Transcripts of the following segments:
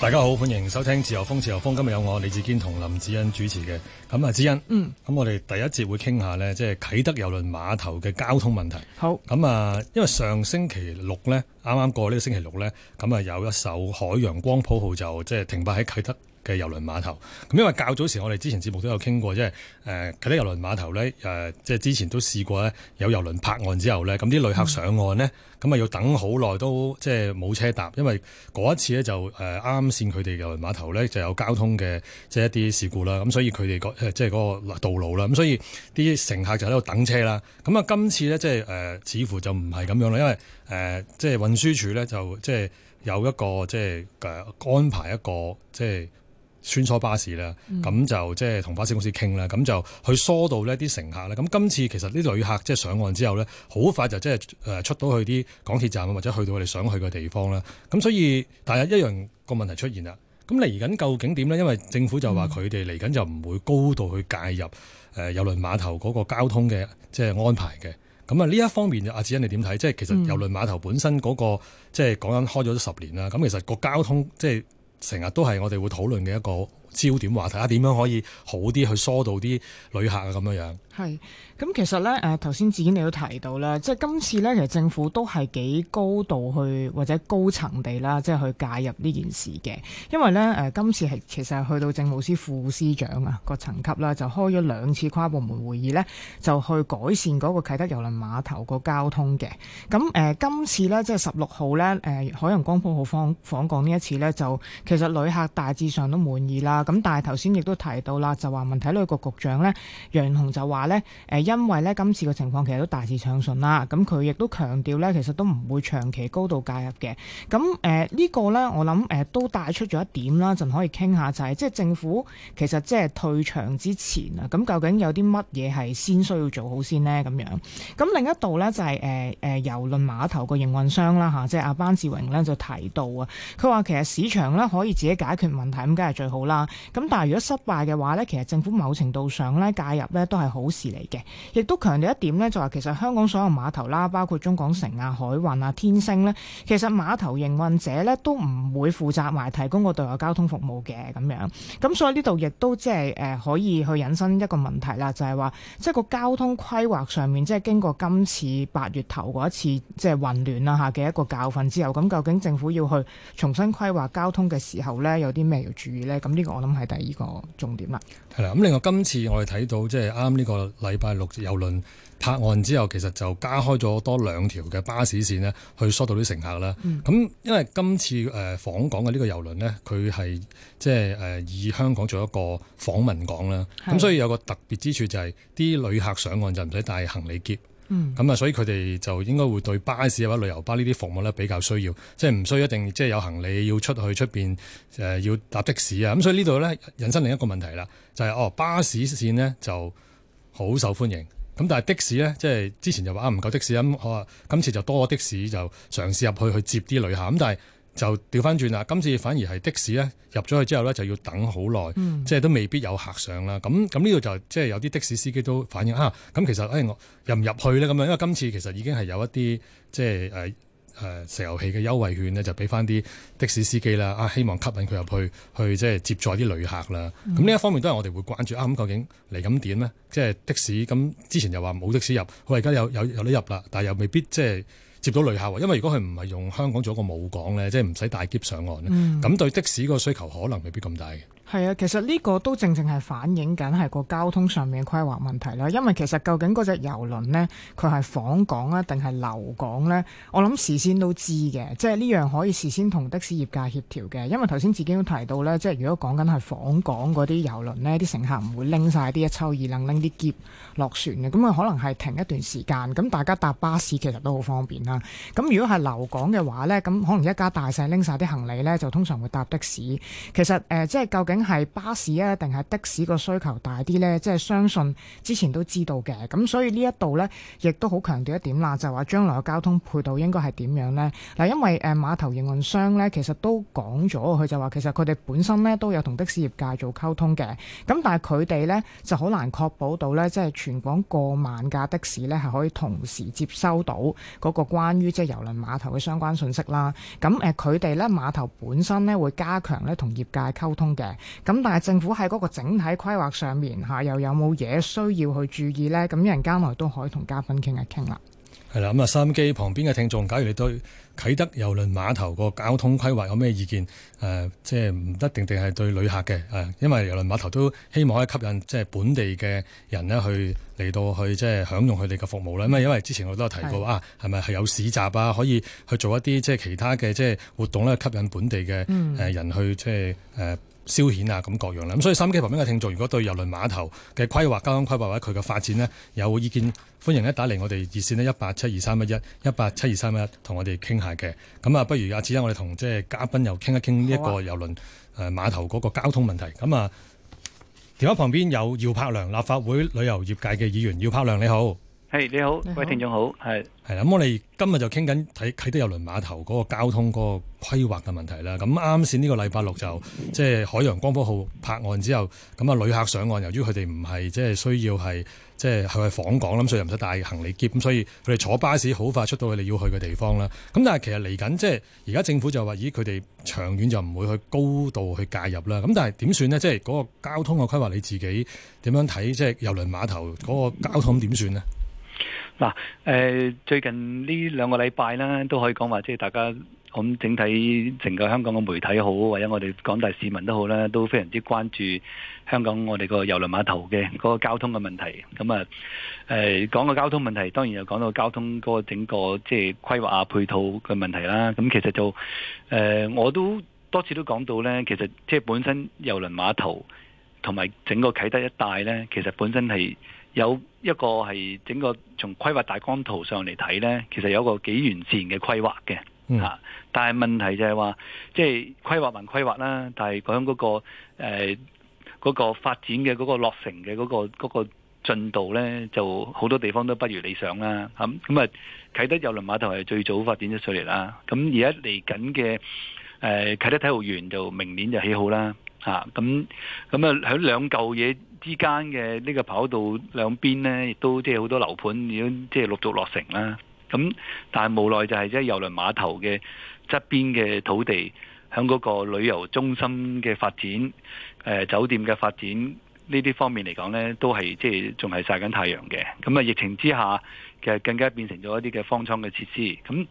大家好，歡迎收聽自由風，自由風今日有我李志堅同林子欣主持嘅。咁啊，子欣，嗯，咁我哋第一節會傾下呢，即係啟德郵輪碼頭嘅交通問題。好，咁啊，因為上星期六呢，啱啱過呢個星期六呢，咁啊有一艘海洋光譜號就即係停擺喺啟德。嘅遊輪碼頭，咁因為較早時我哋之前節目都有傾過，即係誒嗰啲遊輪碼頭咧，即係之前都試過咧，有遊輪泊岸之後咧，咁啲旅客上岸咧，咁啊、嗯、要等好耐都即係冇車搭，因為嗰一次咧就誒啱、呃、線佢哋遊輪碼頭咧就有交通嘅即係一啲事故啦，咁所以佢哋即係嗰、嗰個道路啦，咁所以啲乘客就喺度等車啦。咁啊，今次咧即係、呃、似乎就唔係咁樣啦，因為誒、呃、即係運輸署咧就即係有一個即係、呃、安排一個即係穿梭巴士啦，咁就即係同巴士公司傾啦，咁、嗯、就去疏導呢啲乘客啦。咁、嗯、今次其實啲旅客即係上岸之後呢，好快就即係誒出到去啲港鐵站或者去到佢哋想去嘅地方啦。咁所以，但係一樣個問題出現啦。咁嚟緊究竟點呢？因為政府就話佢哋嚟緊就唔會高度去介入誒郵輪碼頭嗰個交通嘅即係安排嘅。咁啊呢一方面，阿志恩你點睇？即係、嗯、其實郵輪碼頭本身嗰、那個即係講緊開咗十年啦。咁其實個交通即係。成日都係我哋會討論嘅一個。焦點話大家點樣可以好啲去疏導啲旅客啊？咁樣樣係咁，其實呢，誒，頭先志強你都提到啦，即係今次呢，其實政府都係幾高度去或者高層地啦，即係去介入呢件事嘅。因為呢，今次係其實去到政務司副司長啊個層級啦，就開咗兩次跨部門會議呢，就去改善嗰個啟德郵輪碼頭個交通嘅。咁今次呢，即係十六號呢，海洋光譜號訪港呢一次呢，就其實旅客大致上都滿意啦。.咁但係頭先亦都提到啦，就話問題旅局局長文體旅局局長咧楊潤雄就話咧，因為咧今次嘅情況其實都大致暢順啦，咁佢亦都強調咧，其實都唔會長期高度介入嘅。咁、呃這個、呢個咧，我諗、呃、都帶出咗一點啦，就可以傾下就係即係政府其實即係退場之前啊，咁究竟有啲乜嘢係先需要做好先呢？咁樣咁另一度咧就係誒誒郵輪碼頭個營運商啦嚇，即、啊、係、就是、阿班志榮咧就提到啊，佢話其實市場咧可以自己解決問題，咁梗係最好啦。咁但係如果失敗嘅話咧，其實政府某程度上咧介入咧都係好事嚟嘅，亦都強調一點咧，就係其實香港所有碼頭啦，包括中港城啊、海運啊、天星咧，其實碼頭營運者咧都唔會負責埋提供個對外交通服務嘅咁樣。咁所以呢度亦都即係誒可以去引申一個問題啦，就係話即係個交通規劃上面，即係經過今次八月頭嗰一次即係混亂啦吓嘅一個教訓之後，咁究竟政府要去重新規劃交通嘅時候咧，有啲咩要注意咧？咁呢個。我諗係第二個重點啦。係啦，咁另外今次我哋睇到，即係啱呢個禮拜六遊輪泊岸之後，其實就加開咗多兩條嘅巴士線咧，去疏導啲乘客啦。咁、嗯、因為今次誒訪港嘅呢個遊輪呢，佢係即係誒以香港做一個訪問港啦。咁是的 所以有個特別之處就係啲旅客上岸就唔使帶行李結。嗯，咁啊，所以佢哋就應該會對巴士或者旅遊巴呢啲服務呢，比較需要，即係唔需一定即係有行李要出去出面，要搭的士啊，咁所以呢度呢，引申另一個問題啦，就係哦巴士線呢就好受歡迎，咁但係的士呢，即係之前就話啊唔夠的士，咁我今次就多的士就嘗試入去去接啲旅客，咁但係。就調翻轉啦！今次反而係的士咧入咗去之後咧，就要等好耐，嗯、即係都未必有客上啦。咁咁呢度就即係有啲的士司機都反映啊。咁其實誒、哎、我入唔入去咧咁樣，因為今次其實已經係有一啲即係石油氣嘅優惠券呢，就俾翻啲的士司機啦，啊希望吸引佢入去，去即係接載啲旅客啦。咁呢、嗯、一方面都係我哋會關注啊。咁究竟嚟咁點呢？即係的士咁之前又話冇的士入，佢話而家有有有得入啦，但又未必即係。接到旅客因為如果佢唔係用香港做一個母港咧，即係唔使大喼上岸咁，嗯、對的士個需求可能未必咁大嘅。係啊、嗯，嗯、其實呢個都正正係反映緊，係個交通上面嘅規劃問題啦。因為其實究竟嗰隻遊輪咧，佢係訪港啊定係留港咧？我諗事先都知嘅，即係呢樣可以事先同的士業界協調嘅。因為頭先自己都提到咧，即係如果講緊係訪港嗰啲遊輪咧，啲乘客唔會拎晒啲一抽二襟拎啲喼落船嘅，咁佢可能係停一段時間，咁大家搭巴士其實都好方便。啊，咁如果係留港嘅話呢，咁可能一家大細拎晒啲行李呢，就通常會搭的士。其實誒、呃，即係究竟係巴士啊，定係的士個需求大啲呢？即係相信之前都知道嘅，咁所以這裡呢一度呢亦都好強調一點啦，就係、是、話將來嘅交通配套應該係點樣呢？嗱，因為誒碼、呃、頭營運商呢，其實都講咗，佢就話其實佢哋本身呢都有同的士業界做溝通嘅，咁但係佢哋呢，就好難確保到呢，即、就、係、是、全港過萬架的士呢，係可以同時接收到嗰個關。關於即係郵輪碼頭嘅相關信息啦，咁誒佢哋咧碼頭本身咧會加強咧同業界溝通嘅，咁但係政府喺嗰個整體規劃上面嚇又有冇嘢需要去注意呢？咁一陣間嚟都可以同嘉賓傾一傾啦。係啦，咁啊，收音機旁邊嘅聽眾，假如你對啟德郵輪碼頭個交通規劃有咩意見？誒、呃，即係唔一定，定係對旅客嘅，啊、呃，因為郵輪碼頭都希望可以吸引即係本地嘅人呢去嚟到去即係享用佢哋嘅服務啦。咁啊，因為之前我都有提過係嘅啊，係咪係有市集啊，可以去做一啲即係其他嘅即係活動咧，吸引本地嘅誒人去即係誒。嗯呃消遣啊，咁各樣啦，咁所以三機旁邊嘅聽眾，如果對郵輪碼頭嘅規劃、交通規劃或者佢嘅發展呢，有意見，歡迎呢打嚟我哋熱線呢一八七二三一一，一八七二三一一同我哋傾下嘅。咁啊，不如啊，此刻我哋同即係嘉賓又傾一傾呢一個郵輪誒碼頭嗰個交通問題。咁啊，電話旁邊有姚柏良，立法會旅遊業界嘅議員，姚柏良你好。係你好，喂，聽眾好，係係啦，咁、嗯、我哋今日就傾緊睇睇啟德郵輪碼頭嗰個交通嗰個規劃嘅問題啦。咁啱先呢個禮拜六就即係、就是、海洋光波號泊岸之後，咁啊旅客上岸，由於佢哋唔係即係需要係即係去訪港啦，咁所以唔使帶行李篋，咁所以佢哋坐巴士好快出到去你要去嘅地方啦。咁、嗯、但係其實嚟緊即係而家政府就話，咦佢哋長遠就唔會去高度去介入啦。咁、嗯、但係點算呢？即係嗰個交通嘅規劃你自己點樣睇？即係郵輪碼頭嗰個交通點算呢？嗯嗱，誒最近呢兩個禮拜咧，都可以講話，即係大家咁整體成個香港嘅媒體好，或者我哋廣大市民都好咧，都非常之關注香港我哋個郵輪碼頭嘅嗰個交通嘅問題。咁啊，誒講個交通問題，當然又講到交通嗰個整個即係規劃啊、配套嘅問題啦。咁其實就誒我都多次都講到咧，其實即係本身郵輪碼頭同埋整個啟德一帶咧，其實本身係有一個係整個從規劃大綱圖上嚟睇呢，其實有個幾完善嘅規劃嘅嚇。但係問題就係話，即係規劃還規劃啦，但係講嗰個、呃嗰個發展嘅嗰個落成嘅嗰個嗰個進度呢，就好多地方都不如理想啦。咁咁啊，啟德郵輪碼頭係最早發展咗出嚟啦。咁而家嚟緊嘅誒啟德體育園就明年就起好啦。嚇咁咁啊，喺兩嚿嘢。嗯之間嘅呢個跑道兩邊呢，亦都即係好多樓盤已經即係陸續落成啦。咁但係無奈就係即係郵輪碼頭嘅側邊嘅土地，響嗰個旅遊中心嘅發展，誒、呃、酒店嘅發展呢啲方面嚟講呢都係即係仲係曬緊太陽嘅。咁啊，疫情之下，其實更加變成咗一啲嘅方艙嘅設施。咁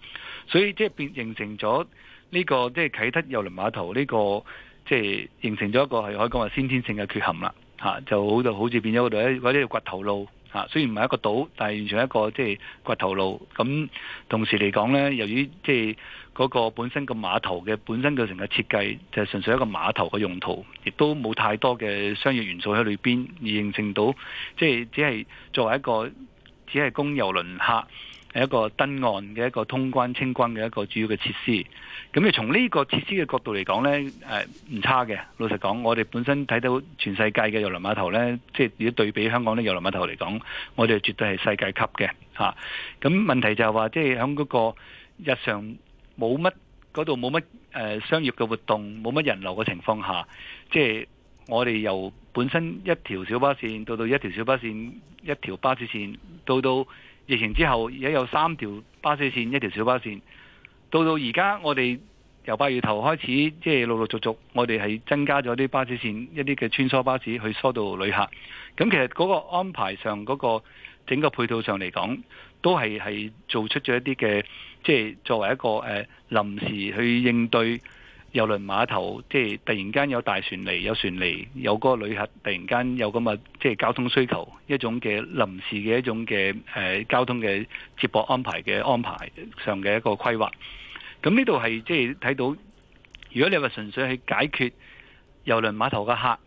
所以即係變形成咗呢個即係啟德郵輪碼頭呢個，即係形成咗一個係可以講係先天性嘅缺陷啦。嚇、啊、就好就好似變咗嗰度咧，嗰啲掘頭路嚇、啊。雖然唔係一個島，但係完全一個即係掘頭路。咁同時嚟講呢，由於即係嗰個本身個碼頭嘅本身嘅成個設計，就係、是、純粹一個碼頭嘅用途，亦都冇太多嘅商業元素喺裏邊，而形成到即係、就是、只係作為一個只係供遊輪客，一個登岸嘅一個通關清關嘅一個主要嘅設施，咁啊，從呢個設施嘅角度嚟講呢，誒唔差嘅。老實講，我哋本身睇到全世界嘅遊輪碼頭呢，即係如果對比香港啲遊輪碼頭嚟講，我哋絕對係世界級嘅吓。咁問題就係話，即係響嗰個日常冇乜嗰度冇乜誒商業嘅活動，冇乜人流嘅情況下，即係我哋由本身一條小巴綫到到一條小巴綫，一條巴士綫到到。疫情之後，而家有三條巴士線，一條小巴士線。到到而家，我哋由八月頭開始，即係陸陸續續，我哋係增加咗啲巴士線，一啲嘅穿梭巴士去疏導旅客。咁其實嗰個安排上，嗰個整個配套上嚟講，都係係做出咗一啲嘅，即係作為一個、呃、臨時去應對。郵輪碼頭即係、就是、突然間有大船嚟，有船嚟，有嗰個旅客突然間有咁嘅即係交通需求，一種嘅臨時嘅一種嘅、呃、交通嘅接駁安排嘅安排上嘅一個規劃。咁呢度係即係睇到，如果你話純粹去解決郵輪碼頭嘅客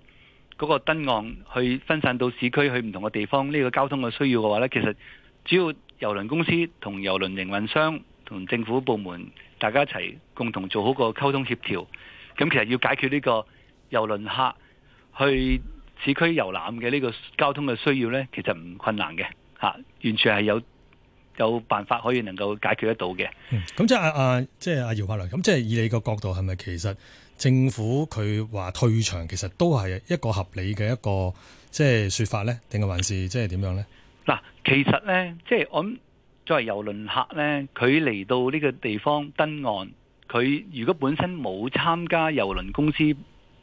嗰個登岸去分散到市區去唔同嘅地方呢、呢個交通嘅需要嘅話呢，其實主要郵輪公司同郵輪營運商。同政府部門大家一齊共同做好個溝通協調，咁其實要解決呢個郵輪客去市區遊覽嘅呢個交通嘅需要呢，其實唔困難嘅嚇，完全係有有辦法可以能夠解決得到嘅。咁即係啊，即係阿姚柏良，咁即係以你個角度係咪其實政府佢話退場其實都係一個合理嘅一個即係、就是、說法呢？定係還是即係點樣呢？嗱，其實呢，即、就、係、是、我。作為遊輪客呢，佢嚟到呢個地方登岸，佢如果本身冇參加遊輪公司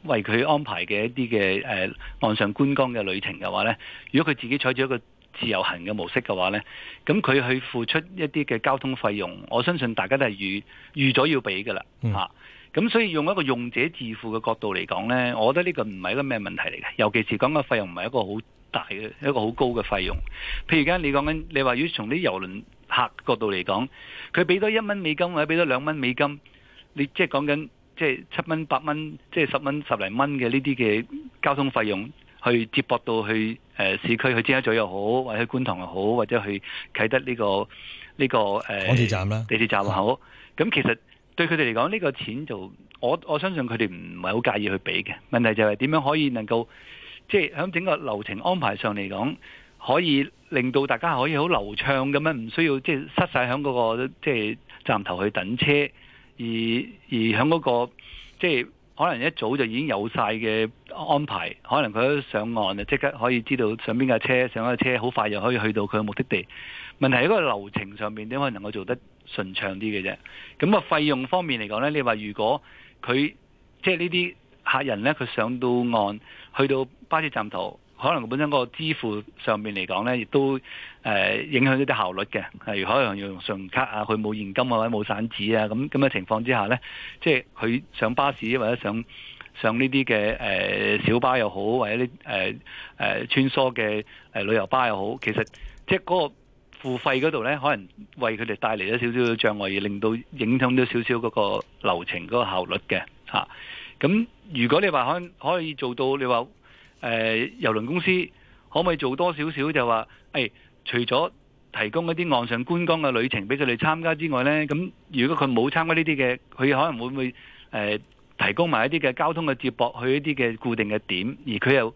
為佢安排嘅一啲嘅誒岸上觀光嘅旅程嘅話呢，如果佢自己採取一個自由行嘅模式嘅話呢，咁佢去付出一啲嘅交通費用，我相信大家都係預預咗要俾噶啦嚇。咁、嗯啊、所以用一個用者自付嘅角度嚟講呢，我覺得呢個唔係一個咩問題嚟嘅，尤其是講個費用唔係一個好大嘅一個好高嘅費用。譬如而家你講緊，你話要從啲遊輪。客角度嚟講，佢俾多一蚊美金或者俾多兩蚊美金，你即係講緊即係七蚊、八蚊、即係十蚊十零蚊嘅呢啲嘅交通費用，去接駁到去誒市區去尖沙咀又好，或者觀塘又好，或者去啟德呢個呢個誒地鐵站啦，地鐵站又好。咁其實對佢哋嚟講，呢個錢就我我相信佢哋唔係好介意去俾嘅。問題就係點樣可以能夠即係喺整個流程安排上嚟講，可以令到大家可以好流暢咁樣，唔需要即係塞晒響嗰個即係站頭去等車，而而響嗰、那個即係、就是、可能一早就已經有晒嘅安排，可能佢一上岸就即刻可以知道上邊架車，上架車好快又可以去到佢嘅目的地。問題喺個流程上面點可以能夠做得順暢啲嘅啫？咁啊，費用方面嚟講咧，你話如果佢即係呢啲客人咧，佢上到岸去到巴士站頭。可能本身個支付上面嚟講咧，亦都誒影響咗啲效率嘅。例如可能要用信用卡啊，佢冇現金、啊、或者冇散紙啊。咁咁嘅情況之下咧，即係佢上巴士或者上上呢啲嘅誒小巴又好，或者啲誒誒穿梭嘅旅遊巴又好，其實即係嗰個付費嗰度咧，可能為佢哋帶嚟咗少少障礙，而令到影響咗少少嗰個流程嗰個效率嘅嚇。咁、啊、如果你話可可以做到，你話。誒郵、呃、輪公司可唔可以做多少少就話誒、哎？除咗提供一啲岸上觀光嘅旅程俾佢哋參加之外呢，咁如果佢冇參加呢啲嘅，佢可能會唔會誒提供埋一啲嘅交通嘅接駁去一啲嘅固定嘅點？而佢又誒、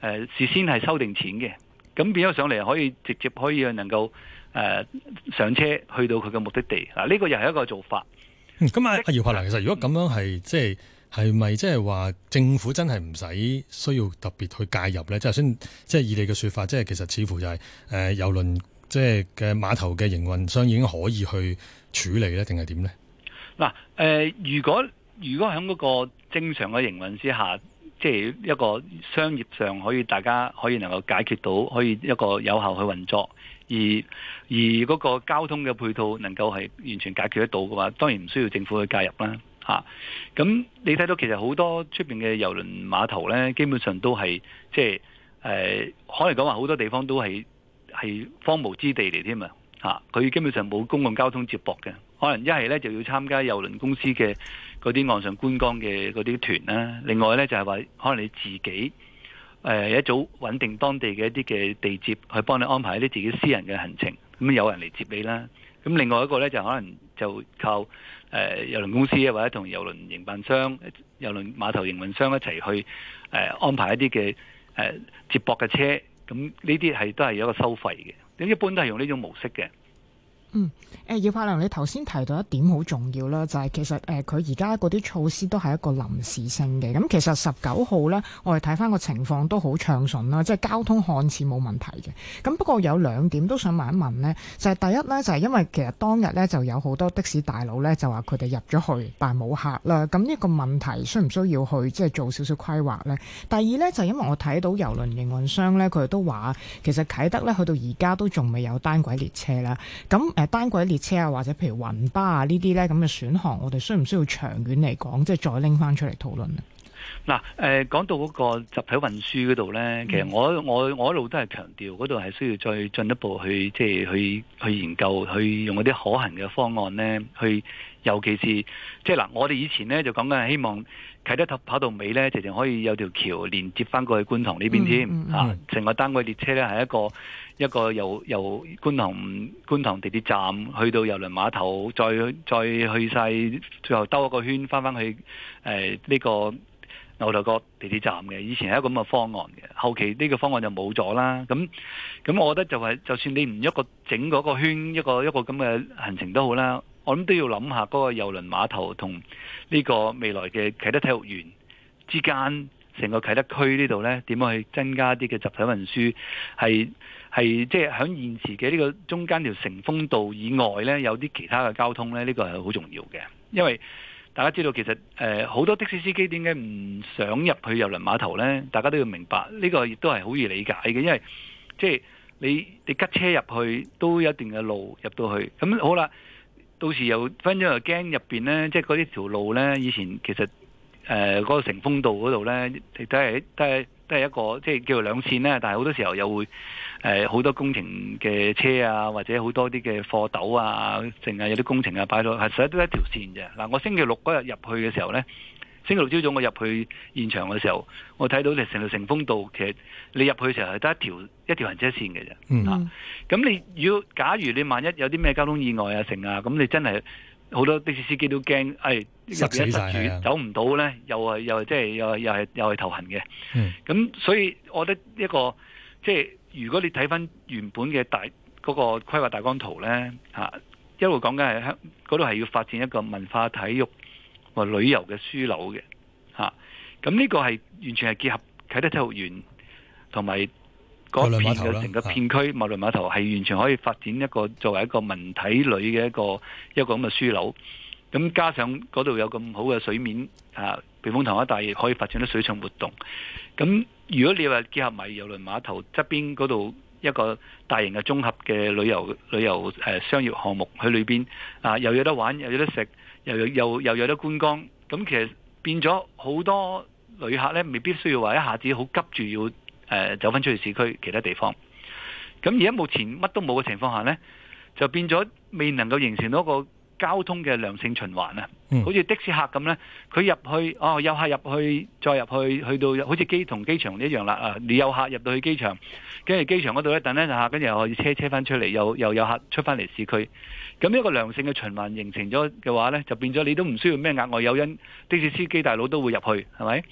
呃、事先係收定錢嘅，咁變咗上嚟可以直接可以能夠誒、呃、上車去到佢嘅目的地啊！呢、這個又係一個做法。咁啊，阿姚柏良，其實如果咁樣係即係。係咪即係話政府真係唔使需要特別去介入呢？即係先，即係以你嘅說法，即係其實似乎就係誒郵輪，即係嘅碼頭嘅營運商已經可以去處理咧，定係點呢？嗱，誒，如果如果喺嗰個正常嘅營運之下，即係一個商業上可以大家可以能夠解決到，可以一個有效去運作，而而嗰個交通嘅配套能夠係完全解決得到嘅話，當然唔需要政府去介入啦。吓，咁、啊、你睇到其實好多出邊嘅郵輪碼頭呢，基本上都係即係誒，可能講話好多地方都係係荒蕪之地嚟添啊！吓，佢基本上冇公共交通接駁嘅，可能一係呢就要參加郵輪公司嘅嗰啲岸上觀光嘅嗰啲團啦，另外呢，就係、是、話可能你自己誒、呃、一早穩定當地嘅一啲嘅地接去幫你安排一啲自己私人嘅行程，咁有人嚟接你啦，咁另外一個呢，就可能。就靠誒郵、呃、輪公司或者同郵輪營辦商、郵輪碼頭營運商一齊去誒、呃、安排一啲嘅誒接駁嘅車，咁呢啲係都係有一個收費嘅，咁一般都係用呢種模式嘅。嗯，誒，姚柏良，你頭先提到一點好重要啦，就係、是、其實誒，佢而家嗰啲措施都係一個臨時性嘅。咁其實十九號呢，我哋睇翻個情況都好暢順啦，即係交通看似冇問題嘅。咁不過有兩點都想問一問呢，就係、是、第一呢，就係、是、因為其實當日呢，就有好多的士大佬呢，就話佢哋入咗去，但係冇客啦。咁呢個問題需唔需要去即係做少少規劃呢？第二呢，就是、因為我睇到郵輪營運商呢，佢哋都話其實啟德呢，去到而家都仲未有單軌列車啦。咁誒單軌列車啊，或者譬如雲巴啊，這些呢啲呢咁嘅選項，我哋需唔需要長遠嚟講，即係再拎返出嚟討論呢？嗱，誒講到嗰個集體運輸嗰度呢，其實我我我一路都係強調嗰度係需要再進一步去即係去去研究，去用嗰啲可行嘅方案呢。去尤其是即係嗱，我哋以前呢就講緊希望啟得塔跑到尾呢，就情可以有條橋連接翻過去觀塘呢邊添嚇。成、嗯嗯嗯啊、個單位列車呢，係一個一個由由觀塘觀塘地鐵站去到油輪碼頭，再再去晒，最後兜一個圈翻返去誒呢、呃這個。牛頭角地鐵站嘅，以前係一個咁嘅方案嘅，後期呢個方案就冇咗啦。咁咁，我覺得就係、是、就算你唔一個整嗰個圈一個一個咁嘅行程都好啦，我諗都要諗下嗰個遊輪碼頭同呢個未來嘅啟德體育園之間，成個啟德區呢度呢點樣去增加啲嘅集體運輸，係係即係喺現時嘅呢個中間條成風道以外呢，有啲其他嘅交通呢，呢、呢個係好重要嘅，因為。大家知道其實誒好、呃、多的士司機點解唔想入去郵輪碼頭呢？大家都要明白呢、呢個亦都係好易理解嘅，因為即係、就是、你你吉車入去都有一定嘅路入到去，咁好啦。到時又分咗又驚入面呢，即係嗰啲條路呢。以前其實誒嗰、呃那個承豐道嗰度呢，都係都係都係一個即係、就是、叫做兩線呢。但係好多時候又會。誒，好、呃、多工程嘅車啊，或者好多啲嘅貨斗啊，成啊等等有啲工程啊擺到係實都一條線嘅。嗱、啊，我星期六嗰日入去嘅時候咧，星期六朝早我入去現場嘅時候，我睇到你成條承豐道，其實你入去時候係得一條一條行車線嘅啫。咁、嗯啊、你如果假如你萬一有啲咩交通意外啊，成啊，咁你真係好多的士司機都驚，誒、哎，入邊一突住，的走唔到咧，又係又係即係又又係又係頭痕嘅。咁、嗯啊、所以我覺得一個即係。如果你睇翻原本嘅大嗰、那個規劃大綱圖呢，嚇、啊，一路講緊係嗰度係要發展一個文化體育和旅遊嘅樞紐嘅嚇，咁、啊、呢個係完全係結合啟德體育園同埋嗰片嘅成個片區，是的馬嚟碼頭係完全可以發展一個的作為一個文體旅嘅一個一個咁嘅樞紐，咁、啊、加上嗰度有咁好嘅水面嚇、啊，避風塘一帶，亦可以發展啲水上活動，咁、啊。如果你話結合埋郵輪碼頭側邊嗰度一個大型嘅綜合嘅旅遊旅遊誒商業項目喺裏邊啊，又有得玩又有得食，又有又又有得觀光，咁其實變咗好多旅客呢，未必需要話一下子好急住要，呃，走翻出去市區其他地方。咁而家目前乜都冇嘅情況下呢，就變咗未能夠形成到一個。交通嘅良性循環啊，好似的士客咁呢，佢入去哦，有客入去，再入去，去到好似機同機場一樣啦。啊，有客入到去機場，跟住機場嗰度咧等咧就客，跟住又可以車車翻出嚟，又又有客出翻嚟市區。咁一個良性嘅循環形成咗嘅話呢，就變咗你都唔需要咩額外誘因，的士司機大佬都會入去，係咪？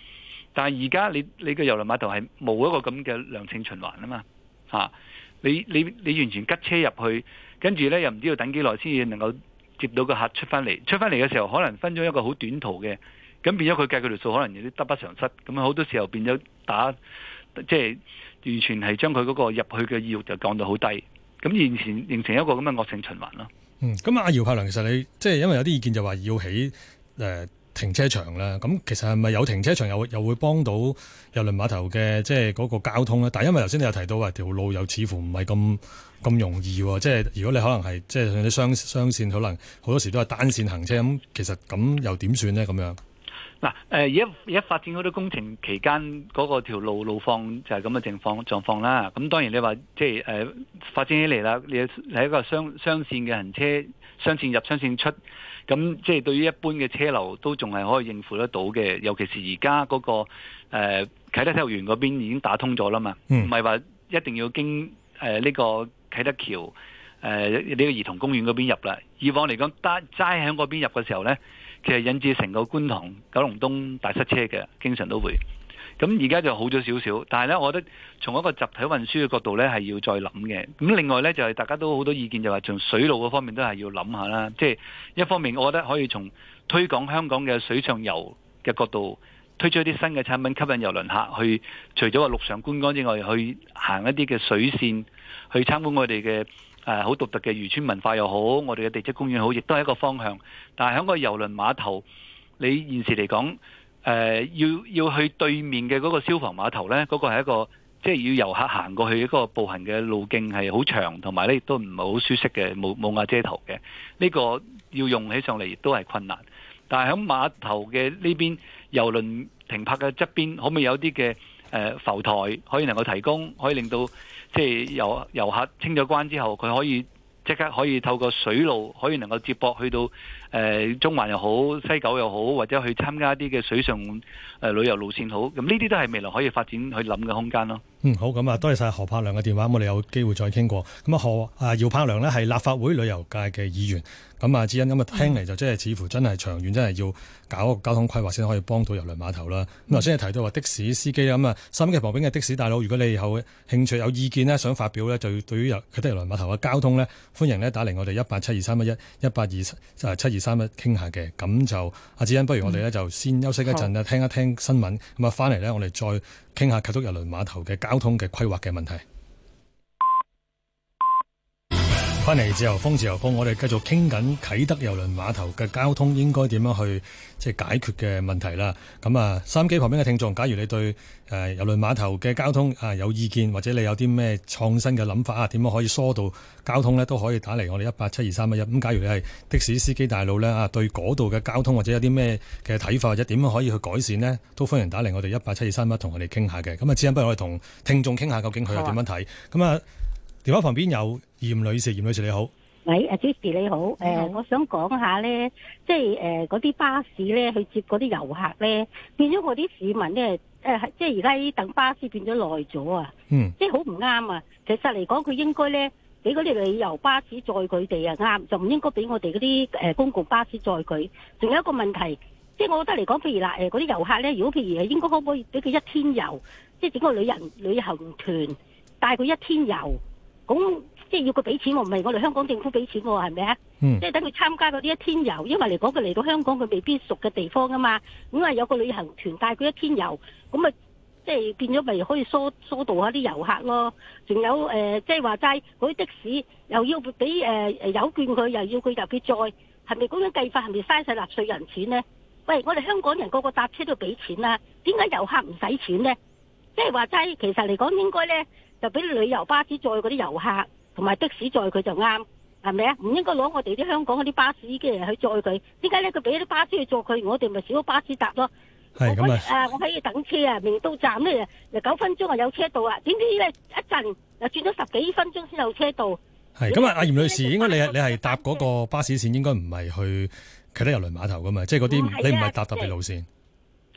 但係而家你你個遊輪碼頭係冇一個咁嘅良性循環啊嘛，嚇、啊！你你你完全吉車入去，跟住呢又唔知道要等幾耐先至能夠。接到個客出翻嚟，出翻嚟嘅時候可能分咗一個好短途嘅，咁變咗佢計佢條數可能有啲得不償失，咁好多時候變咗打，即係完全係將佢嗰個入去嘅意欲就降到好低，咁形成形成一個咁嘅惡性循環咯。嗯，咁啊，阿姚柏良其實你即係因為有啲意見就話要起誒。呃停車場咧，咁其實係咪有停車場又又會幫到郵輪碼頭嘅即係嗰個交通咧？但係因為頭先你有提到話、哎、條路又似乎唔係咁咁容易喎，即係如果你可能係即係啲雙雙線，可能好多時都係單線行車咁，其實咁又點算呢？咁樣嗱，誒而家而家發展好多工程期間嗰、嗰個條路路況就係咁嘅情況狀況啦。咁當然你話即係誒發展起嚟啦，你係一個雙雙線嘅行車，雙線入雙線出。咁即係對於一般嘅車流都仲係可以應付得到嘅，尤其是而家嗰個誒啟德體育園嗰邊已經打通咗啦嘛，唔係話一定要經誒呢個啟德橋誒呢個兒童公園嗰邊入啦。以往嚟講，得齋喺嗰邊入嘅時候呢，其實引致成個觀塘、九龍東大塞車嘅，經常都會。咁而家就好咗少少，但係咧，我覺得從一個集體運輸嘅角度咧，係要再諗嘅。咁另外咧，就係大家都好多意見，就話從水路嗰方面都係要諗下啦。即係一方面，我覺得可以從推廣香港嘅水上游嘅角度推出一啲新嘅產品，吸引郵輪客去。除咗話陸上觀光之外，去行一啲嘅水綫，去參觀我哋嘅誒好獨特嘅漁村文化又好，我哋嘅地質公園好，亦都係一個方向。但係響個郵輪碼頭，你現時嚟講。誒、呃、要要去對面嘅嗰個消防碼頭呢，嗰、那個係一個即係、就是、要遊客行過去一個步行嘅路徑係好長，同埋呢亦都唔係好舒適嘅，冇冇瓦遮頭嘅。呢、這個要用起上嚟亦都係困難。但係喺碼頭嘅呢邊郵輪停泊嘅側邊，可唔可以有啲嘅浮台可以能夠提供，可以令到即係遊遊客清咗關之後，佢可以即刻可以透過水路可以能夠接駁去到。誒中環又好，西九又好，或者去參加啲嘅水上誒旅遊路線好，咁呢啲都係未來可以發展去諗嘅空間咯。嗯，好，咁啊，多謝晒何柏良嘅電話，我哋有機會再傾過。咁啊，何啊姚柏良呢係立法會旅遊界嘅議員，咁啊，智欣，咁、嗯、啊聽嚟就真係似乎真係長遠，真係要搞個交通規劃先可以幫到郵輪碼頭啦。咁頭先係提到話的士司機啊，咁啊，收音機旁邊嘅的士大佬，如果你有興趣有意見呢，想發表呢，就要對於由佢的郵輪碼頭嘅交通呢，歡迎呢打嚟我哋一八七二三一一，一八二七三一傾下嘅，咁就阿志恩，不如我哋咧就先休息一陣啦，嗯、聽一聽新聞，咁啊翻嚟咧，我哋再傾下啟德郵輪碼頭嘅交通嘅規劃嘅問題。翻嚟自由風，自由風，我哋繼續傾緊啟德遊輪碼頭嘅交通應該點樣去即係解決嘅問題啦。咁啊，收音機旁邊嘅聽眾，假如你對誒遊輪碼頭嘅交通啊有意見，或者你有啲咩創新嘅諗法啊，點樣可以疏導交通呢？都可以打嚟我哋一八七二三一一。咁假如你係的士司機大佬呢，啊，對嗰度嘅交通或者有啲咩嘅睇法或者點樣可以去改善呢？都歡迎打嚟我哋一八七二三一同我哋傾下嘅。咁啊，只不如我哋同聽眾傾下，究竟佢又點樣睇？咁啊、哦。電話旁邊有嚴女士，嚴女士你好。喂，主持你好，誒、嗯，我想講下咧，即係誒嗰啲巴士咧去接嗰啲遊客咧，變咗嗰啲市民咧，誒、呃，即係而家等巴士變咗耐咗啊，嗯、即係好唔啱啊！其實嚟講，佢應該咧俾嗰啲旅遊巴士載佢哋啊啱，就唔應該俾我哋嗰啲誒公共巴士載佢。仲有一個問題，即、就、係、是、我覺得嚟講，譬如嗱，誒嗰啲遊客咧，如果譬如係應該可唔可以俾佢一天遊，即、就、係、是、整個旅人旅行團帶佢一天遊？咁即係要佢俾錢喎，唔係我哋香港政府俾錢喎，係咪啊？即係等佢參加嗰啲一天遊，因為嚟講佢嚟到香港佢未必熟嘅地方噶嘛，咁啊有個旅行團帶佢一天遊，咁啊即係變咗咪可以疏疏導下啲遊客咯。仲有誒，即係話齋嗰啲的士又要俾誒誒油券佢，又要佢入去載，係咪咁樣計法，係咪嘥晒納稅人錢咧？喂，我哋香港人個個搭車都要俾錢啦，啊，點解遊客唔使錢咧？即係話齋，其實嚟講應該咧。就俾旅遊巴士載嗰啲遊客，同埋的士載佢就啱，係咪啊？唔應該攞我哋啲香港嗰啲巴士機嚟去載佢。點解咧？佢俾啲巴士去載佢，我哋咪少巴士搭咯。係咁是啊！誒、啊，我喺度等車啊，明到站咧，又九分鐘啊，有車到啊。點知咧，一陣又轉咗十幾分鐘先有車到。係咁是啊！阿嚴女士，應該你係你係搭嗰個巴士線，應該唔係去其他遊輪碼頭噶嘛？即係嗰啲你唔係搭特別路線。就是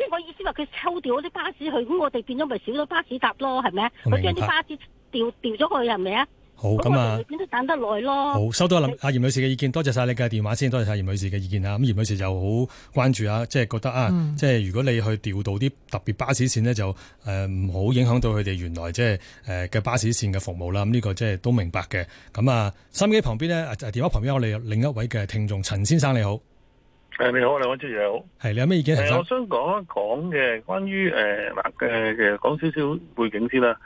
即係我意思話，佢抽掉嗰啲巴士去，咁我哋變咗咪少咗巴士搭咯，係咪啊？佢將啲巴士調調咗去，係咪啊？好咁啊，都等得耐咯。好，收到阿葉是、啊、女士嘅意見，多謝晒你嘅電話先，多謝晒葉女士嘅意見啊。咁葉女士就好關注啊，即、就、係、是、覺得啊，即係、嗯、如果你去調到啲特別巴士線呢，就誒唔好影響到佢哋原來即係誒嘅巴士線嘅服務啦。咁、這、呢個即、就、係、是、都明白嘅。咁啊，收音機旁邊呢，啊電話旁邊我哋另一位嘅聽眾陳先生你好。誒，你好，梁安志友，係你有咩意見？呃、我想講一講嘅關於誒，嗱、呃，誒、呃呃嗯，其實講少少背景先啦。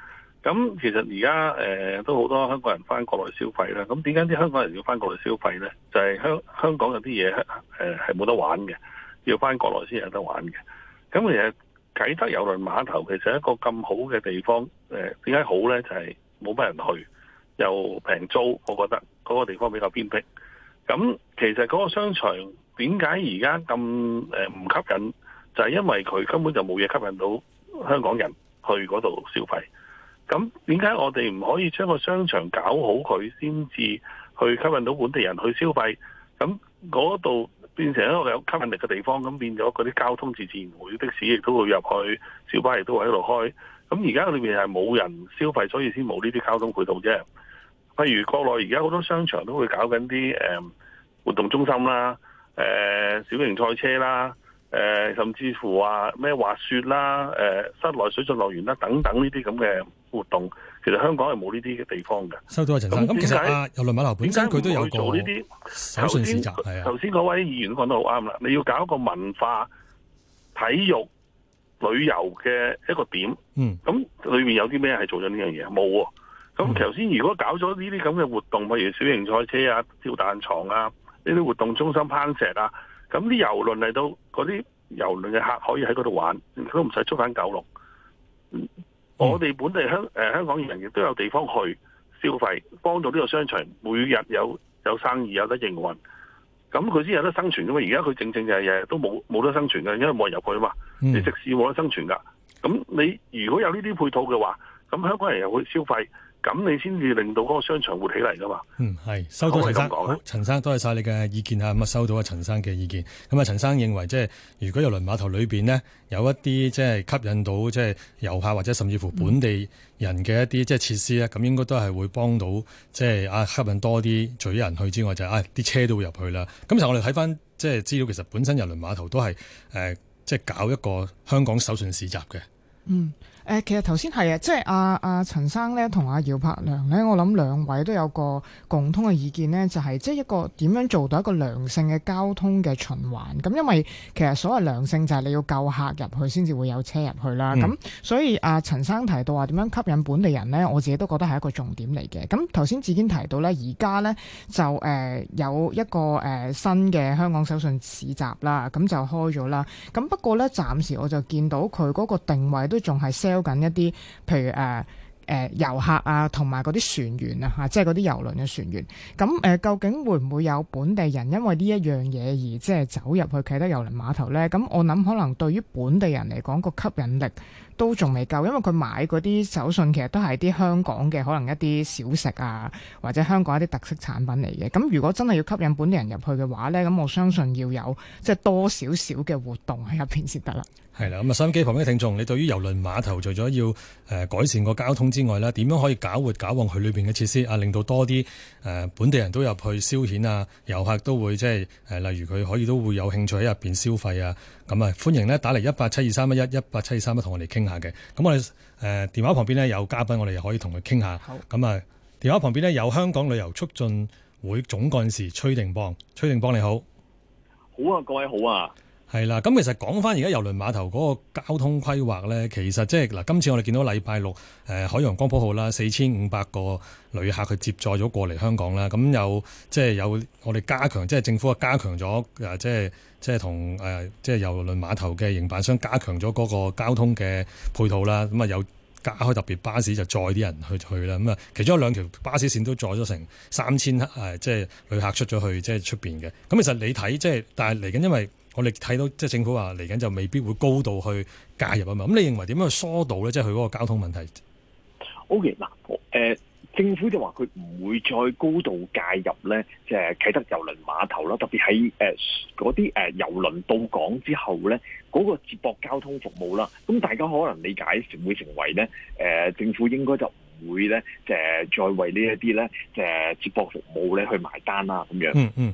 咁其實而家誒都好多香港人返國內消費啦。咁點解啲香港人要返國內消費咧？就係、是、香香港有啲嘢，誒係冇得玩嘅，要返國內先有得玩嘅。咁、嗯、其實啟德郵輪碼頭其實一個咁好嘅地方，誒、呃，點解好咧？就係冇乜人去，又平租，我覺得嗰個地方比較偏僻。咁、嗯、其實嗰個商場。點解而家咁誒唔吸引？就係因為佢根本就冇嘢吸引到香港人去嗰度消費。咁點解我哋唔可以將個商場搞好佢，先至去吸引到本地人去消費？咁嗰度變成一個有吸引力嘅地方，咁變咗嗰啲交通自然會，的士亦都會入去，小巴亦都會喺度開。咁而家裏邊係冇人消費，所以先冇呢啲交通配套啫。譬如國內而家好多商場都會搞緊啲誒活動中心啦。誒、呃，小型賽車啦，誒、呃，甚至乎話、啊、咩滑雪啦，誒、呃，室內水上樂園啦，等等呢啲咁嘅活動，其實香港係冇呢啲嘅地方嘅。收到啊陳生，咁其實啊，郵輪碼頭本身佢都有做呢啲，頭先係啊，頭先嗰位議員講得好啱啦，你要搞一個文化、體育、旅遊嘅一個點，嗯，咁裏面有啲咩係做咗呢樣嘢？冇喎、哦。咁頭先如果搞咗呢啲咁嘅活動，譬如小型賽車啊、跳彈床啊。呢啲活動中心攀石啊，咁啲遊輪嚟到嗰啲遊輪嘅客可以喺嗰度玩，佢都唔使出返九龍、嗯、我哋本地香、呃、香港人亦都有地方去消費，幫助呢個商場每日有有生意有得營運。咁佢先有得生存噶嘛？而家佢正正就係日日都冇冇得生存嘅，因為冇人入去啊嘛。嗯、你食肆冇得生存㗎。咁你如果有呢啲配套嘅話，咁香港人又會消費。咁你先至令到嗰個商場活起嚟噶嘛？嗯，係收到。陳係咁講陳生，多謝晒你嘅意見呀。咁、嗯、啊，收到啊，陳生嘅意見。咁、嗯、啊，嗯、陳生認為，即係如果遊輪碼頭裏面呢，有一啲即係吸引到即係遊客或者甚至乎本地人嘅一啲即係設施咧，咁應該都係會幫到即係啊吸引多啲隨人去之外，就係、是、啊啲車都會入去啦。咁其實我哋睇翻即係資料，其實本身遊輪碼頭都係、呃、即係搞一個香港手信市集嘅。嗯。誒，其實頭先係啊，即係阿阿陳生咧同阿姚柏良咧，我諗兩位都有個共通嘅意見咧，就係即係一個點樣做到一個良性嘅交通嘅循環。咁因為其實所謂良性就係你要夠客入去先至會有車入去啦。咁、嗯、所以阿、啊、陳生提到話點樣吸引本地人咧，我自己都覺得係一個重點嚟嘅。咁頭先志堅提到咧，而家咧就誒、呃、有一個誒、呃、新嘅香港手信市集啦，咁就開咗啦。咁不過咧，暫時我就見到佢嗰個定位都仲係收緊一啲，譬如誒誒、呃呃、遊客啊，同埋嗰啲船員啊，嚇，即係嗰啲遊輪嘅船員。咁誒、呃，究竟會唔會有本地人因為呢一樣嘢而即係走入去啟德遊輪碼頭呢？咁我諗可能對於本地人嚟講個吸引力，都仲未夠，因為佢買嗰啲手信其實都係啲香港嘅可能一啲小食啊，或者香港一啲特色產品嚟嘅。咁如果真係要吸引本地人入去嘅話呢，咁我相信要有即係多少少嘅活動喺入邊先得啦。係啦，咁、嗯、啊，收音機旁邊嘅聽眾，你對於郵輪碼頭除咗要誒改善個交通之外呢，點樣可以搞活搞旺佢裏邊嘅設施啊，令到多啲誒、啊、本地人都入去消遣啊，遊客都會即係、啊、例如佢可以都會有興趣喺入邊消費啊？咁啊，歡迎咧打嚟一八七二三一一一八七二三一同我哋傾下嘅。咁我哋誒電話旁邊咧有嘉賓，我哋可以同佢傾下。咁啊好，電話旁邊咧有香港旅遊促進會總幹事崔定邦。崔定邦，你好。好啊，各位好啊。係啦，咁其實講返而家郵輪碼頭嗰個交通規劃咧，其實即係嗱，今次我哋見到禮拜六誒、呃、海洋光譜號啦，四千五百個旅客去接載咗過嚟香港啦。咁有即係、就是、有我哋加強，即、就、係、是、政府啊加強咗誒，即係即係同誒即係郵輪碼頭嘅營辦商加強咗嗰個交通嘅配套啦。咁啊有加開特別巴士就載啲人去去啦。咁啊，其中有兩條巴士線都載咗成三千誒，即、就、係、是、旅客出咗去即係出邊嘅。咁、就是、其實你睇即係，但係嚟緊因為。我哋睇到即係政府話嚟緊就未必會高度去介入啊嘛，咁你認為點樣去疏導咧？即係佢嗰個交通問題？O.K. 啦、呃，誒政府就話佢唔會再高度介入咧，即係啟德郵輪碼頭啦，特別喺誒嗰啲誒郵輪到港之後咧，嗰個接駁交通服務啦，咁大家可能理解成會成為咧誒、呃、政府應該就唔會咧，即係再為呢一啲咧，即係接駁服務咧去埋單啦咁樣。嗯嗯。嗯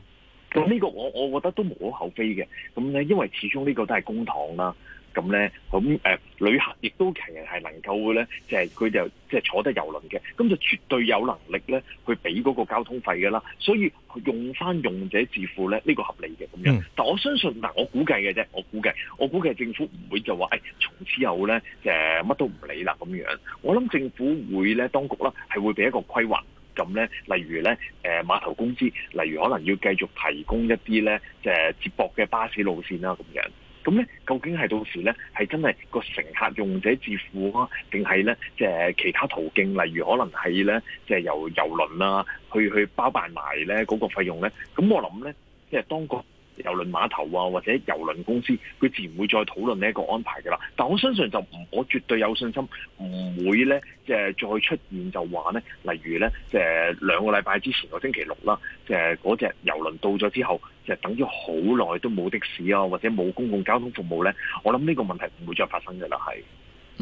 咁呢、嗯、個我我覺得都無可厚非嘅，咁咧因為始終呢個都係公帑啦，咁咧咁誒旅客亦都其實係能夠呢，咧、就係，就係佢就即係坐得遊輪嘅，咁就絕對有能力咧去俾嗰個交通費嘅啦，所以用翻用者自負咧呢、呢個合理嘅咁樣。但我相信嗱、呃，我估計嘅啫，我估計我估計政府唔會就話誒、哎，從此後咧誒乜都唔理啦咁樣。我諗政府會咧當局啦，係會俾一個規劃。咁咧，例如咧，誒碼頭公司，例如可能要繼續提供一啲咧，就係接駁嘅巴士路線啦、啊，咁樣。咁咧，究竟係到時咧，係真係個乘客用者自負啊，定係咧，即係其他途徑，例如可能係咧，即係由郵輪啊，去去包辦埋咧嗰個費用咧。咁我諗咧，即係當個。郵輪碼頭啊，或者郵輪公司，佢自然會再討論呢一個安排嘅啦。但我相信，就唔，我絕對有信心唔會咧，即係再出現就話咧，例如咧，即係兩個禮拜之前個星期六啦，即係嗰隻郵輪到咗之後，就等咗好耐都冇的士啊，或者冇公共交通服務咧。我諗呢個問題唔會再發生嘅啦，係。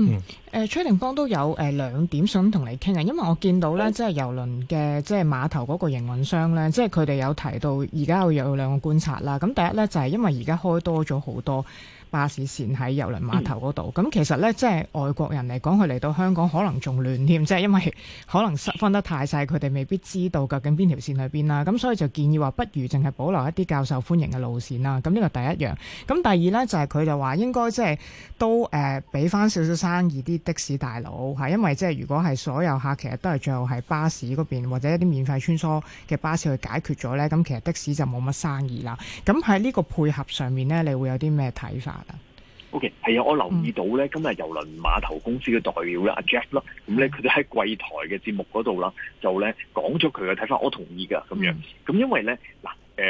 嗯，誒崔定邦都有誒、呃、兩點想同你傾啊，因為我見到咧、嗯，即係郵輪嘅即係碼頭嗰個營運商咧，即係佢哋有提到而家有兩個觀察啦。咁第一咧就係、是、因為而家開多咗好多。巴士線喺郵輪碼頭嗰度，咁、嗯、其實呢，即係外國人嚟講，佢嚟到香港可能仲亂添，即係因為可能分得太細，佢哋未必知道究竟邊條線去邊啦。咁所以就建議話，不如淨係保留一啲較受歡迎嘅路線啦。咁呢個第一樣。咁第二呢，就係佢就話應該即係都誒俾翻少少生意啲的，的士大佬嚇，因為即係如果係所有客其實都係最後喺巴士嗰邊或者一啲免費穿梭嘅巴士去解決咗呢。咁其實的士就冇乜生意啦。咁喺呢個配合上面呢，你會有啲咩睇法？O.K. 係啊，我留意到咧，今日郵輪碼頭公司嘅代表咧，阿 Jeff 啦、mm.，咁咧佢哋喺櫃台嘅節目嗰度啦，就咧講咗佢嘅睇法，我同意噶咁樣。咁因為咧，嗱，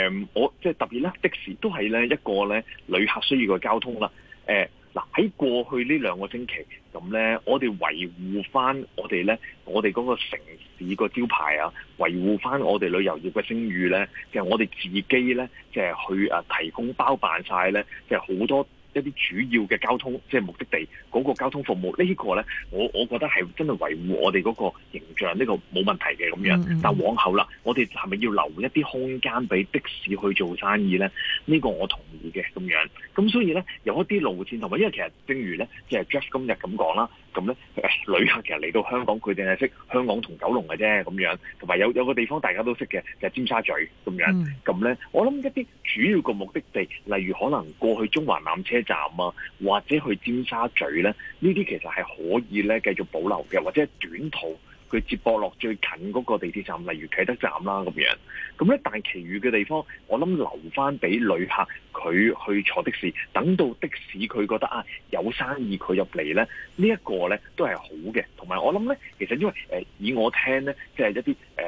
誒，我即係、就是、特別咧，的士都係咧一個咧旅客需要嘅交通啦。誒、呃，嗱喺過去呢兩個星期，咁咧我哋維護翻我哋咧，我哋嗰個城市個招牌啊，維護翻我哋旅遊業嘅聲譽咧，就係、是、我哋自己咧，即、就、係、是、去誒提供包辦晒咧，即係好多。一啲主要嘅交通即係、就是、目的地嗰、那個交通服務呢、這個呢，我我覺得係真係維護我哋嗰個形象呢、這個冇問題嘅咁樣。但係往後啦，我哋係咪要留一啲空間俾的士去做生意呢？呢、這個我同意嘅咁樣。咁所以呢，有一啲路線同埋，因為其實正如呢，即係 Jeff 今日咁講啦。咁咧，旅客、呃呃、其實嚟到香港，佢淨係識香港同九龍嘅啫，咁樣，同埋有有，有個地方大家都識嘅，就係、是、尖沙咀咁樣。咁咧、嗯，我諗一啲主要個目的地，例如可能過去中環纜車站啊，或者去尖沙咀咧，呢啲其實係可以咧繼續保留嘅，或者係短途。佢接駁落最近嗰個地鐵站，例如啟德站啦咁樣。咁咧，但係其餘嘅地方，我諗留翻俾旅客佢去坐的士，等到的士佢覺得啊有生意佢入嚟咧，這個、呢一個咧都係好嘅。同埋我諗咧，其實因為誒以我聽咧，即係一啲誒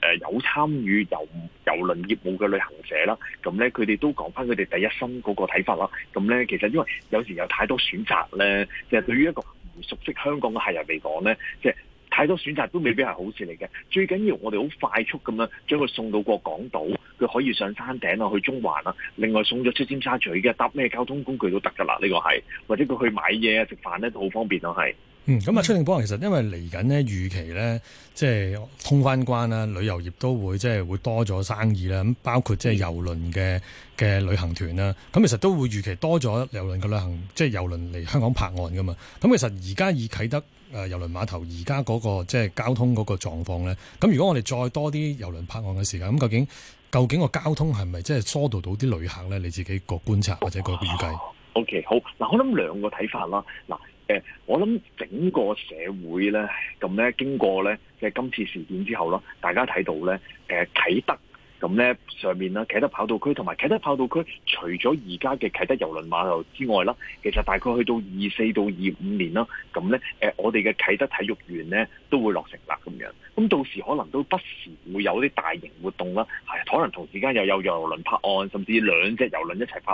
誒有參與遊遊輪業務嘅旅行社啦，咁咧佢哋都講翻佢哋第一心嗰個睇法啦。咁咧，其實因為有時有太多選擇咧，即係對於一個唔熟悉香港嘅客人嚟講咧，即係。太多選擇都未必係好事嚟嘅，最緊要我哋好快速咁樣將佢送到過港島，佢可以上山頂啊，去中環啦、啊。另外送咗出尖沙咀嘅搭咩交通工具都得噶啦，呢、這個係或者佢去買嘢啊、食飯咧都好方便咯，係、嗯。嗯，咁啊、嗯，崔定邦，其實因為嚟緊咧預期咧，即係通翻關啦，旅遊業都會即係會多咗生意啦。咁包括即係遊輪嘅嘅旅行團啦，咁其實都會預期多咗遊輪嘅旅行，即係遊輪嚟香港泊岸噶嘛。咁其實而家已啟德。誒遊、呃、輪碼頭而家嗰個即係交通嗰個狀況咧，咁如果我哋再多啲遊輪泊岸嘅時間，咁究竟究竟個交通係咪即係疏導到啲旅客咧？你自己個觀察或者個預計？O、OK, K，好嗱，我諗兩個睇法啦。嗱、呃，我諗整個社會咧，咁咧經過咧即係今次事件之後啦，大家睇到咧，誒啟德。咁咧上面啦，啟德跑道區同埋啟德跑道區，除咗而家嘅啟德郵輪碼頭之外啦，其實大概去到二四到二五年啦，咁咧，誒，我哋嘅啟德體育園咧都會落成啦，咁樣，咁到時可能都不時會有啲大型活動啦，係可能同時間又有郵輪泊岸，甚至兩隻郵輪一齊泊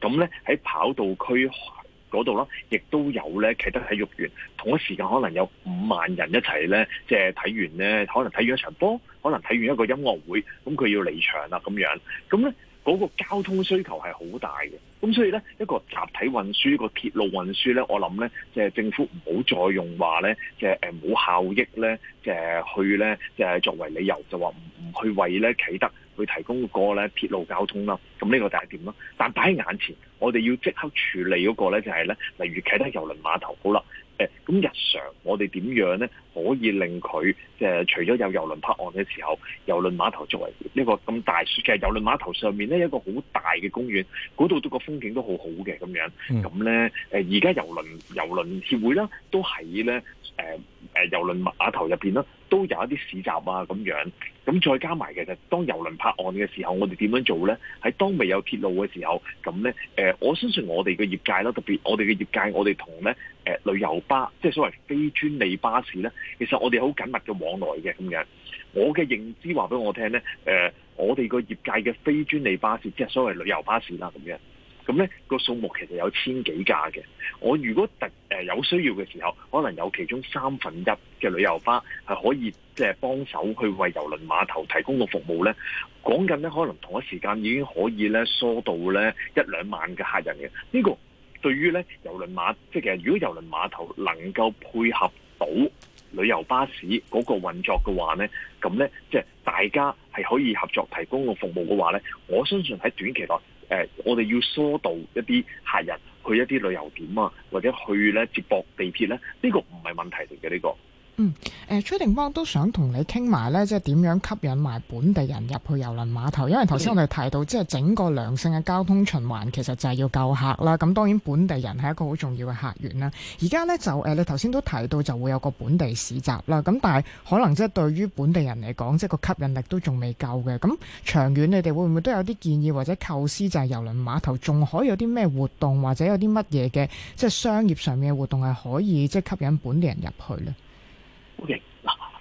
岸，咁咧喺跑道區。嗰度啦，亦都有咧，啟德體育園同一時間可能有五萬人一齊咧，即係睇完咧，可能睇完一場波，可能睇完一個音樂會，咁佢要離場啦，咁樣，咁咧嗰個交通需求係好大嘅，咁所以咧一個集體運輸個鐵路運輸咧，我諗咧，即係政府唔好再用話咧，即係誒冇效益咧，即係去咧，即係作為理由，就話唔去為咧啟德。會提供個咧鐵路交通啦，咁呢個就係點啦。但擺喺眼前，我哋要即刻處理嗰個咧，就係、是、咧，例如啟德郵輪碼頭好啦，誒，咁日常我哋點樣咧？可以令佢除咗有遊輪泊岸嘅時候，遊輪碼頭作為一個咁大雪嘅遊輪碼頭上面咧，一個好大嘅公園，嗰度都個風景都好好嘅咁樣。咁咧、嗯，而家遊輪遊輪協會啦，都喺咧誒遊輪碼頭入邊啦，都有一啲市集啊咁樣。咁再加埋其實，當遊輪泊岸嘅時候，我哋點樣做咧？喺當未有鐵路嘅時候，咁咧、呃、我相信我哋嘅業界啦，特別我哋嘅業界，我哋同咧旅遊巴，即係所謂非專利巴士咧。其實我哋好緊密嘅往來嘅咁樣，我嘅認知話俾我聽呢，呃、我哋個業界嘅非專利巴士，即係所謂旅遊巴士啦咁樣咁呢、呢個數目其實有千幾架嘅。我如果特、呃、有需要嘅時候，可能有其中三分一嘅旅遊巴係可以即、係、幫手去為郵輪碼頭提供個服務呢，講緊呢，可能同一時間已經可以呢疏導呢一兩萬嘅客人嘅。呢、這個對於呢郵輪碼，即係如果郵輪碼頭能夠配合到。旅遊巴士嗰個運作嘅話呢，咁呢，即係大家係可以合作提供個服務嘅話呢，我相信喺短期內，誒我哋要疏導一啲客人去一啲旅遊點啊，或者去呢接駁地鐵呢，呢個唔係問題嚟嘅呢個。嗯，誒、呃，崔定邦都想同你傾埋呢，即係點樣吸引埋本地人入去郵輪碼頭。因為頭先我哋提到，嗯、即係整個良性嘅交通循環，其實就係要救客啦。咁當然本地人係一個好重要嘅客源啦。而家呢，就誒、呃，你頭先都提到就會有個本地市集啦。咁但係可能即係對於本地人嚟講，即係個吸引力都仲未夠嘅。咁長遠你哋會唔會都有啲建議或者構思就，就係郵輪碼頭仲可以有啲咩活動，或者有啲乜嘢嘅即係商業上面嘅活動係可以即係吸引本地人入去咧？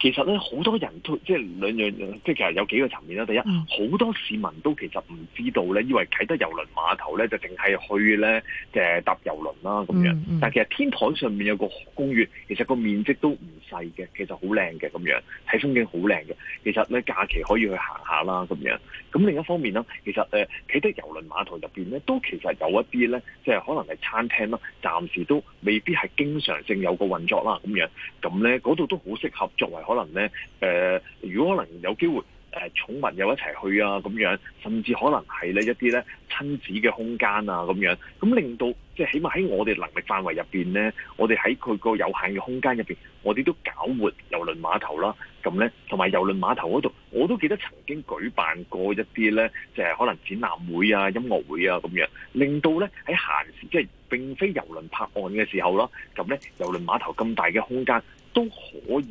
其實咧，好多人都即係兩樣，即係其實有幾個層面啦。第一，好多市民都其實唔知道咧，以為啟德遊輪碼頭咧就淨係去咧誒搭遊輪啦咁樣。但其實天台上面有個公園，其實個面積都唔細嘅，其實好靚嘅咁樣，睇風景好靚嘅。其實咧假期可以去行下啦咁樣。咁另一方面咧，其實誒企得郵輪碼頭入邊咧，都其實有一啲咧，即係可能係餐廳啦，暫時都未必係經常性有個運作啦咁樣，咁咧，嗰度都好適合作為可能咧，誒，如果可能有機會。誒、呃、寵物又一齊去啊咁樣，甚至可能係呢一啲呢親子嘅空間啊咁樣，咁令到即係、就是、起碼喺我哋能力範圍入面呢，我哋喺佢個有限嘅空間入面，我哋都搞活遊輪碼頭郵輪碼頭啦。咁呢，同埋郵輪碼頭嗰度，我都記得曾經舉辦過一啲呢，就係、是、可能展覽會啊、音樂會啊咁樣，令到呢喺閒時即係並非遊輪泊岸嘅時候咯，咁咧遊輪碼頭咁大嘅空間都可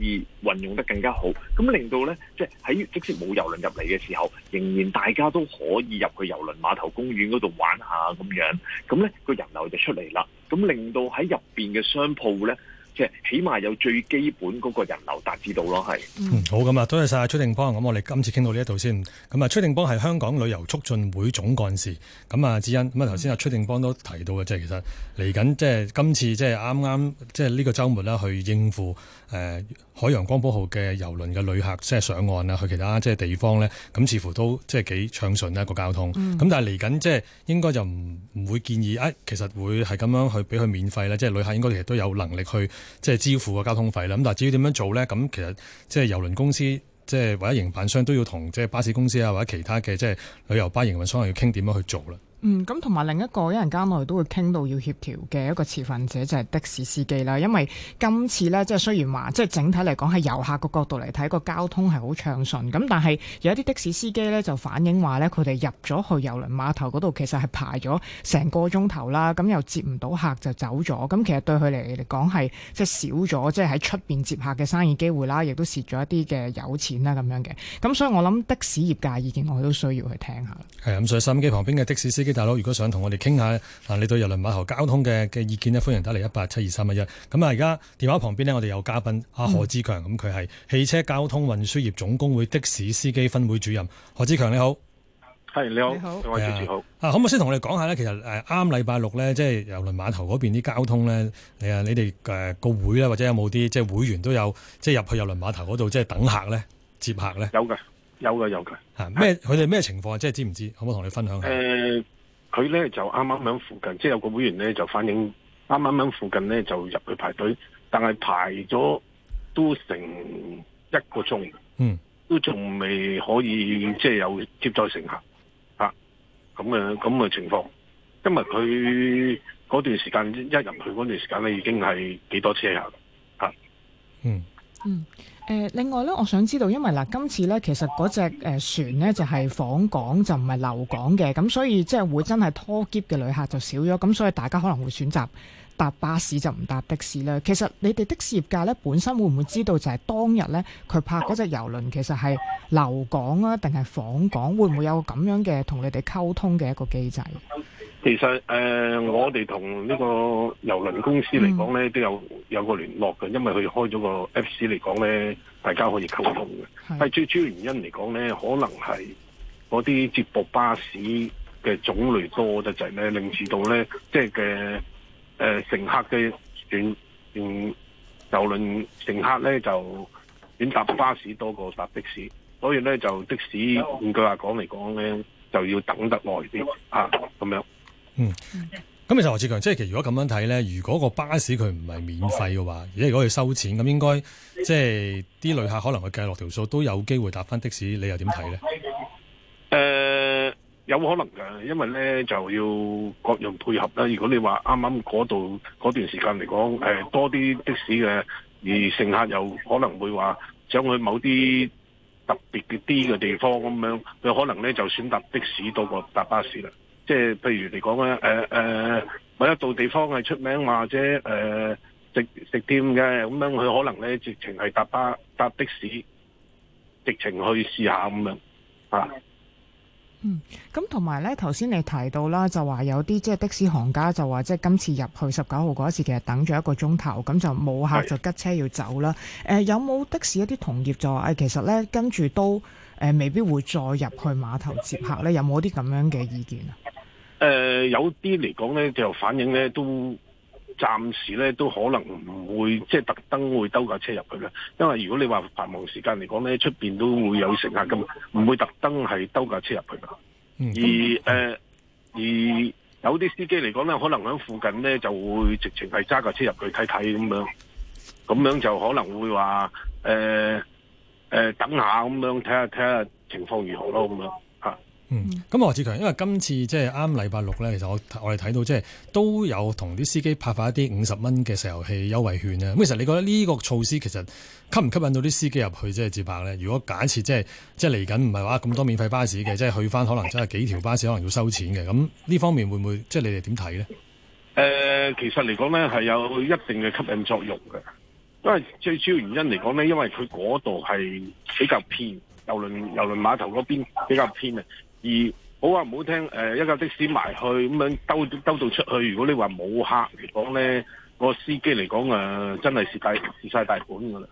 以運用得更加好，咁令到呢，即係喺即使冇遊輪入嚟嘅時候，仍然大家都可以入去遊輪碼頭公園嗰度玩下咁樣，咁呢個人流就出嚟啦，咁令到喺入邊嘅商鋪呢，即係起碼有最基本嗰個人流達至到咯，係。嗯，嗯，好咁啊，多謝晒崔定邦。咁我哋今次傾到呢一度先。咁啊，崔定邦係香港旅遊促進會總幹事。咁啊，智恩咁啊，頭先阿崔定邦都提到嘅，即係其實嚟緊，即係今次即係啱啱即係呢個週末啦，啊，去應付誒。呃海洋光譜號嘅遊輪嘅旅客即係上岸呀、去其他即係地方咧，咁似乎都即係幾暢順啦個交通。咁、嗯、但係嚟緊即係應該就唔唔會建議啊，其實會係咁樣去俾佢免費呢，即係旅客應該其實都有能力去即係支付個交通費啦。咁但係至於點樣做咧，咁其實即係遊輪公司即係或者營辦商都要同即係巴士公司啊，或者其他嘅即係旅遊巴營運商要傾點樣去做啦。嗯，咁同埋另一個一陣間我哋都會傾到要協調嘅一個持份者就係的士司機啦，因為今次咧，即係雖然話即係整體嚟講係遊客個角度嚟睇個交通係好暢順，咁但係有一啲的士司機咧就反映話咧，佢哋入咗去郵輪碼頭嗰度其實係排咗成個鐘頭啦，咁又接唔到客就走咗，咁其實對佢嚟講係即係少咗即係喺出邊接客嘅生意機會啦，亦都蝕咗一啲嘅油錢啦咁樣嘅，咁所以我諗的士業界意見我都需要去聽下。係，咁所以收音機旁邊嘅的、的士司機。大佬，如果想同我哋傾下，嗱，你對郵輪碼頭交通嘅嘅意見呢，歡迎打嚟一八七二三一一。咁啊，而家電話旁邊呢，我哋有嘉賓阿、嗯、何志強，咁佢係汽車交通運輸業總工會的士司機分會主任。何志強你好，係你好，你好，主持人好。啊，可唔可以先同我哋講下呢？其實誒，啱禮拜六呢，即係郵輪碼頭嗰邊啲交通呢，你哋誒個會咧，或者有冇啲即係會員都有即係入去郵輪碼頭嗰度即係等客呢，接客呢？有嘅，有嘅，有嘅。咩、啊？佢哋咩情況？即係的知唔知？可唔可以同你分享？下？呃佢咧就啱啱喺附近，即係有個會員咧就反映，啱啱喺附近咧就入去排隊，但係排咗都成一個鐘，嗯，都仲未可以即係有接載乘客，吓咁嘅咁嘅情況。因為佢嗰段時間一入去嗰段時間咧，已經係幾多車客。吓、啊嗯，嗯嗯。另外咧，我想知道，因為嗱，今次咧，其實嗰隻誒船咧就係、是、訪港，就唔係留港嘅，咁所以即係會真係拖喼嘅旅客就少咗，咁所以大家可能會選擇搭巴士就唔搭的士啦。其實你哋的士業界咧，本身會唔會知道就係當日咧佢泊嗰隻遊輪其實係留港啊，定係訪港？會唔會有咁樣嘅同你哋溝通嘅一個機制？其實誒、呃，我哋同呢個郵輪公司嚟講咧，都有有個聯絡嘅，因為佢開咗個 Apps 嚟講咧，大家可以溝通嘅。係的最主要原因嚟講咧，可能係嗰啲接駁巴士嘅種類多啲，就咧令至到咧，即係嘅誒乘客嘅轉轉郵輪乘客咧就轉搭巴士多過搭的士，所以咧就的士換有句話講嚟講咧，就要等得耐啲啊，咁樣。嗯，咁其實何志強，即係其實如果咁樣睇呢，如果，如果個巴士佢唔係免費嘅話，而且如果佢收錢，咁應該即係啲旅客可能去計落條數，都有機會搭翻的士。你又點睇呢？誒、呃，有可能嘅，因為呢就要各樣配合啦。如果你話啱啱嗰度嗰段時間嚟講、呃，多啲的士嘅，而乘客又可能會話想去某啲特別啲嘅地方咁樣，佢可能呢就選擇的士多過搭巴士啦。即係譬如嚟講咧，誒、呃、誒、呃，某一度地方係出名或者誒食食店嘅咁樣，佢可能咧直情係搭巴搭的士，直情去試下咁樣、啊、嗯，咁同埋咧，頭先你提到啦，就話有啲即係的士行家就話，即係今次入去十九號嗰一次，其實等咗一個鐘頭，咁就冇客的就吉車要走啦。誒、呃，有冇的士一啲同業就話誒，其實咧跟住都誒未必會再入去碼頭接客咧？有冇啲咁樣嘅意見啊？誒、呃，有啲嚟講咧，就反映咧都暫時咧都可能唔會即係、就是、特登會兜架車入去啦。因為如果你話繁忙時間嚟講咧，出邊都會有乘客咁，唔會特登係兜架車入去。而誒、呃、而有啲司機嚟講咧，可能喺附近咧就會直情係揸架車入去睇睇咁樣，咁樣就可能會話誒誒等下咁樣睇下睇下情況如何咯咁樣。嗯，咁何志強，因為今次即係啱禮拜六咧，其實我我哋睇到即係都有同啲司機派發一啲五十蚊嘅石油氣優惠券咧。咁其實你覺得呢個措施其實吸唔吸引到啲司機入去即係接客咧？如果假設即係即係嚟緊唔係話咁多免費巴士嘅，即係去翻可能真係幾條巴士可能要收錢嘅。咁呢方面會唔會即係你哋點睇咧？誒、呃，其實嚟講咧係有一定嘅吸引作用嘅，因為最主要原因嚟講咧，因為佢嗰度係比較偏，郵輪郵輪碼頭嗰邊比較偏啊。而好話唔好聽，誒、呃，一架的士埋去咁樣兜兜到出去。如果你話冇客嚟講呢，個司機嚟講真係蝕大蝕晒大本噶啦。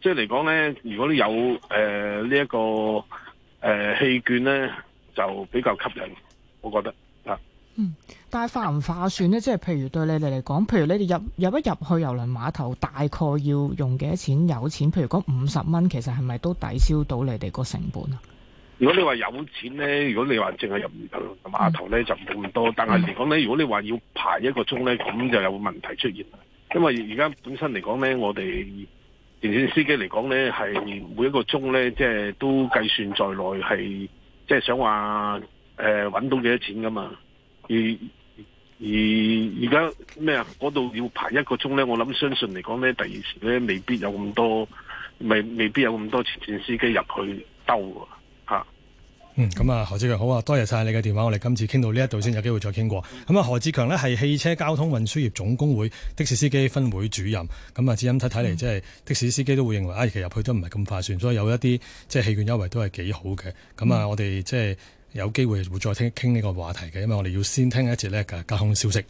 即係嚟講呢，如果你有誒呢一個誒氣券呢，就比較吸引。我覺得、啊、嗯，但係化唔化算呢？即、就、係、是、譬如對你哋嚟講，譬如你哋入入一入去郵輪碼頭，大概要用幾多錢？有錢，譬如講五十蚊，其實係咪都抵消到你哋個成本啊？如果你話有錢呢，如果你話淨係入碼頭呢，就冇咁多，但係嚟講呢，如果你話要排一個鐘呢，咁就有問題出現。因為而家本身嚟講呢，我哋電線司機嚟講呢，係每一個鐘呢，即係都計算在內，係即係想話誒揾到幾多錢噶嘛。而而而家咩啊？嗰度要排一個鐘呢，我諗相信嚟講呢，第二時呢，未必有咁多，未未必有咁多前線司機入去兜。嗯，咁啊，何志強好啊，多謝晒你嘅電話，我哋今次傾到呢一度先，有機會再傾過。咁啊，何志強呢，係汽車交通運輸業總工會的士司機分會主任。咁啊，只因睇睇嚟，即係的士司機都會認為，啊、哎，其實入去都唔係咁快算，所以有一啲即係氣券優惠都係幾好嘅。咁啊、嗯，我哋即係有機會會再傾傾呢個話題嘅，因為我哋要先聽一節呢嘅交通消息。